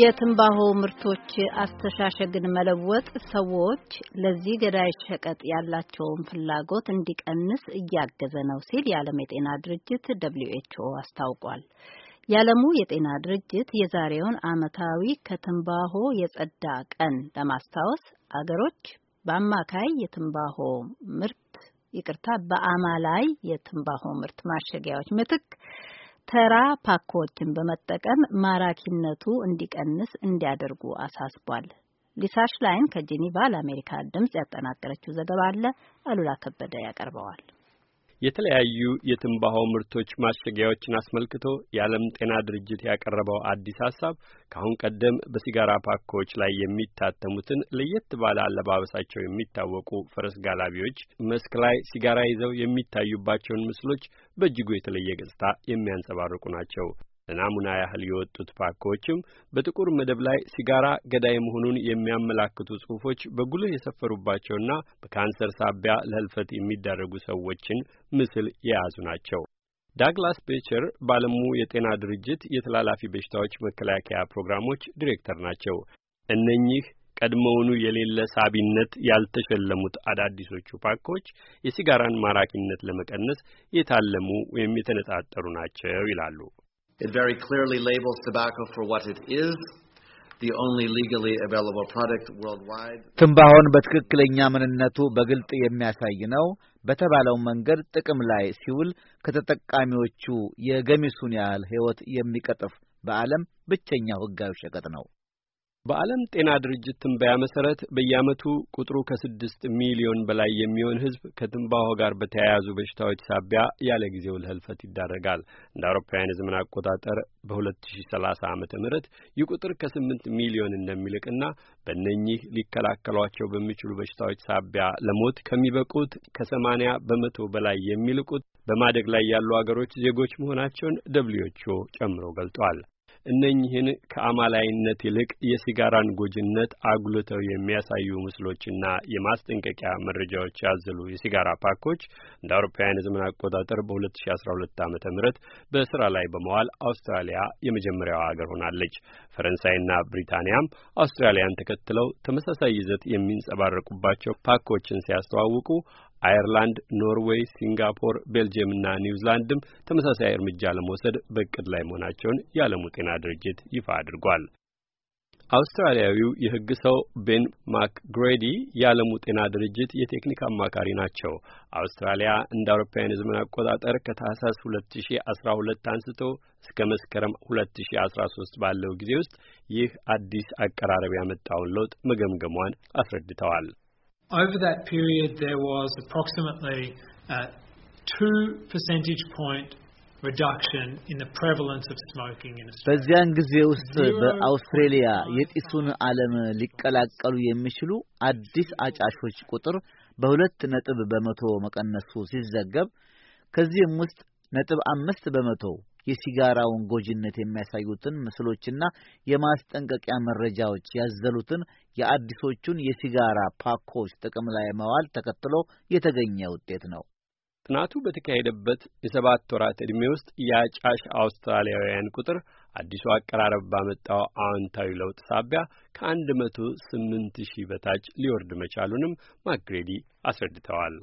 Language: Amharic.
የትንባሆ ምርቶች አስተሻሸግን መለወጥ ሰዎች ለዚህ ገዳይ ሸቀጥ ያላቸውን ፍላጎት እንዲቀንስ እያገዘ ነው ሲል የዓለም የጤና ድርጅት ደብሊዩ ኤች ኦ አስታውቋል። የዓለሙ የጤና ድርጅት የዛሬውን ዓመታዊ ከትንባሆ የጸዳ ቀን ለማስታወስ አገሮች በአማካይ የትንባሆ ምርት ይቅርታ፣ ላይ የትንባሆ ምርት ማሸጊያዎች ምትክ ተራ ፓኮችን በመጠቀም ማራኪነቱ እንዲቀንስ እንዲያደርጉ አሳስቧል። ሊሳሽ ላይን ከጄኔቫ ለአሜሪካ ድምጽ ያጠናቀረችው ዘገባ አለ። አሉላ ከበደ ያቀርበዋል። የተለያዩ የትንባሆ ምርቶች ማሸጊያዎችን አስመልክቶ የዓለም ጤና ድርጅት ያቀረበው አዲስ ሀሳብ ከአሁን ቀደም በሲጋራ ፓኮች ላይ የሚታተሙትን ለየት ባለ አለባበሳቸው የሚታወቁ ፈረስ ጋላቢዎች መስክ ላይ ሲጋራ ይዘው የሚታዩባቸውን ምስሎች በእጅጉ የተለየ ገጽታ የሚያንጸባርቁ ናቸው። ለናሙና ያህል የወጡት ፓኮችም በጥቁር መደብ ላይ ሲጋራ ገዳይ መሆኑን የሚያመላክቱ ጽሁፎች በጉልህ የሰፈሩባቸውና በካንሰር ሳቢያ ለህልፈት የሚዳረጉ ሰዎችን ምስል የያዙ ናቸው። ዳግላስ ቤቸር በዓለሙ የጤና ድርጅት የተላላፊ በሽታዎች መከላከያ ፕሮግራሞች ዲሬክተር ናቸው። እነኚህ ቀድሞውኑ የሌለ ሳቢነት ያልተሸለሙት አዳዲሶቹ ፓኮች የሲጋራን ማራኪነት ለመቀነስ የታለሙ ወይም የተነጣጠሩ ናቸው ይላሉ። It very clearly labels tobacco for what it is, the only legally available product worldwide. ትንባሆን በትክክለኛ ምንነቱ በግልጥ የሚያሳይ ነው። በተባለው መንገድ ጥቅም ላይ ሲውል ከተጠቃሚዎቹ የገሚሱን ያህል ሕይወት የሚቀጥፍ በዓለም ብቸኛው ሕጋዊ ሸቀጥ ነው። በዓለም ጤና ድርጅት ትንበያ መሰረት በየዓመቱ ቁጥሩ ከስድስት ሚሊዮን በላይ የሚሆን ሕዝብ ከትንባሆ ጋር በተያያዙ በሽታዎች ሳቢያ ያለ ጊዜው ለህልፈት ይዳረጋል። እንደ አውሮፓውያን የዘመን አቆጣጠር በ2030 ዓመተ ምህረት ይህ ቁጥር ከ8 ሚሊዮን እንደሚልቅና በእነኚህ ሊከላከሏቸው በሚችሉ በሽታዎች ሳቢያ ለሞት ከሚበቁት ከ80 በመቶ በላይ የሚልቁት በማደግ ላይ ያሉ አገሮች ዜጎች መሆናቸውን ደብሊዎቹ ጨምሮ ገልጧል። እነኚህን ከአማላይነት ይልቅ የሲጋራን ጎጅነት አጉልተው የሚያሳዩ ምስሎችና የማስጠንቀቂያ መረጃዎች ያዘሉ የሲጋራ ፓኮች እንደ አውሮፓውያን የዘመን አቆጣጠር በ2012 ዓ ም በስራ ላይ በመዋል አውስትራሊያ የመጀመሪያዋ አገር ሆናለች። ፈረንሳይና ብሪታንያም አውስትራሊያን ተከትለው ተመሳሳይ ይዘት የሚንጸባረቁባቸው ፓኮችን ሲያስተዋውቁ አየርላንድ፣ ኖርዌይ፣ ሲንጋፖር፣ እና ኒውዚላንድም ተመሳሳይ እርምጃ ለመውሰድ በእቅድ ላይ መሆናቸውን የዓለሙ ጤና ድርጅት ይፋ አድርጓል። አውስትራሊያዊው የሕግ ሰው ቤን ማክግሬዲ የዓለሙ ጤና ድርጅት የቴክኒክ አማካሪ ናቸው። አውስትራሊያ እንደ አውሮፓውያን የዘመን አቆጣጠር ከታህሳስ 2012 አንስቶ እስከ መስከረም 2013 ባለው ጊዜ ውስጥ ይህ አዲስ አቀራረብ ያመጣውን ለውጥ መገምገሟን አስረድተዋል። Over that period, there was approximately a two percentage point reduction in the prevalence of smoking in Australia. በዚያን ጊዜ ውስጥ በአውስትሬሊያ የጢሱን ዓለም ሊቀላቀሉ የሚችሉ አዲስ አጫሾች ቁጥር በሁለት ነጥብ በመቶ መቀነሱ ሲዘገብ ከዚህም ውስጥ ነጥብ አምስት በመቶ የሲጋራውን ጎጂነት የሚያሳዩትን ምስሎችና የማስጠንቀቂያ መረጃዎች ያዘሉትን የአዲሶቹን የሲጋራ ፓኮች ጥቅም ላይ መዋል ተከትሎ የተገኘ ውጤት ነው። ጥናቱ በተካሄደበት የሰባት ወራት ዕድሜ ውስጥ የአጫሽ አውስትራሊያውያን ቁጥር አዲሱ አቀራረብ ባመጣው አዎንታዊ ለውጥ ሳቢያ ከአንድ መቶ ስምንት ሺህ በታች ሊወርድ መቻሉንም ማግሬዲ አስረድተዋል።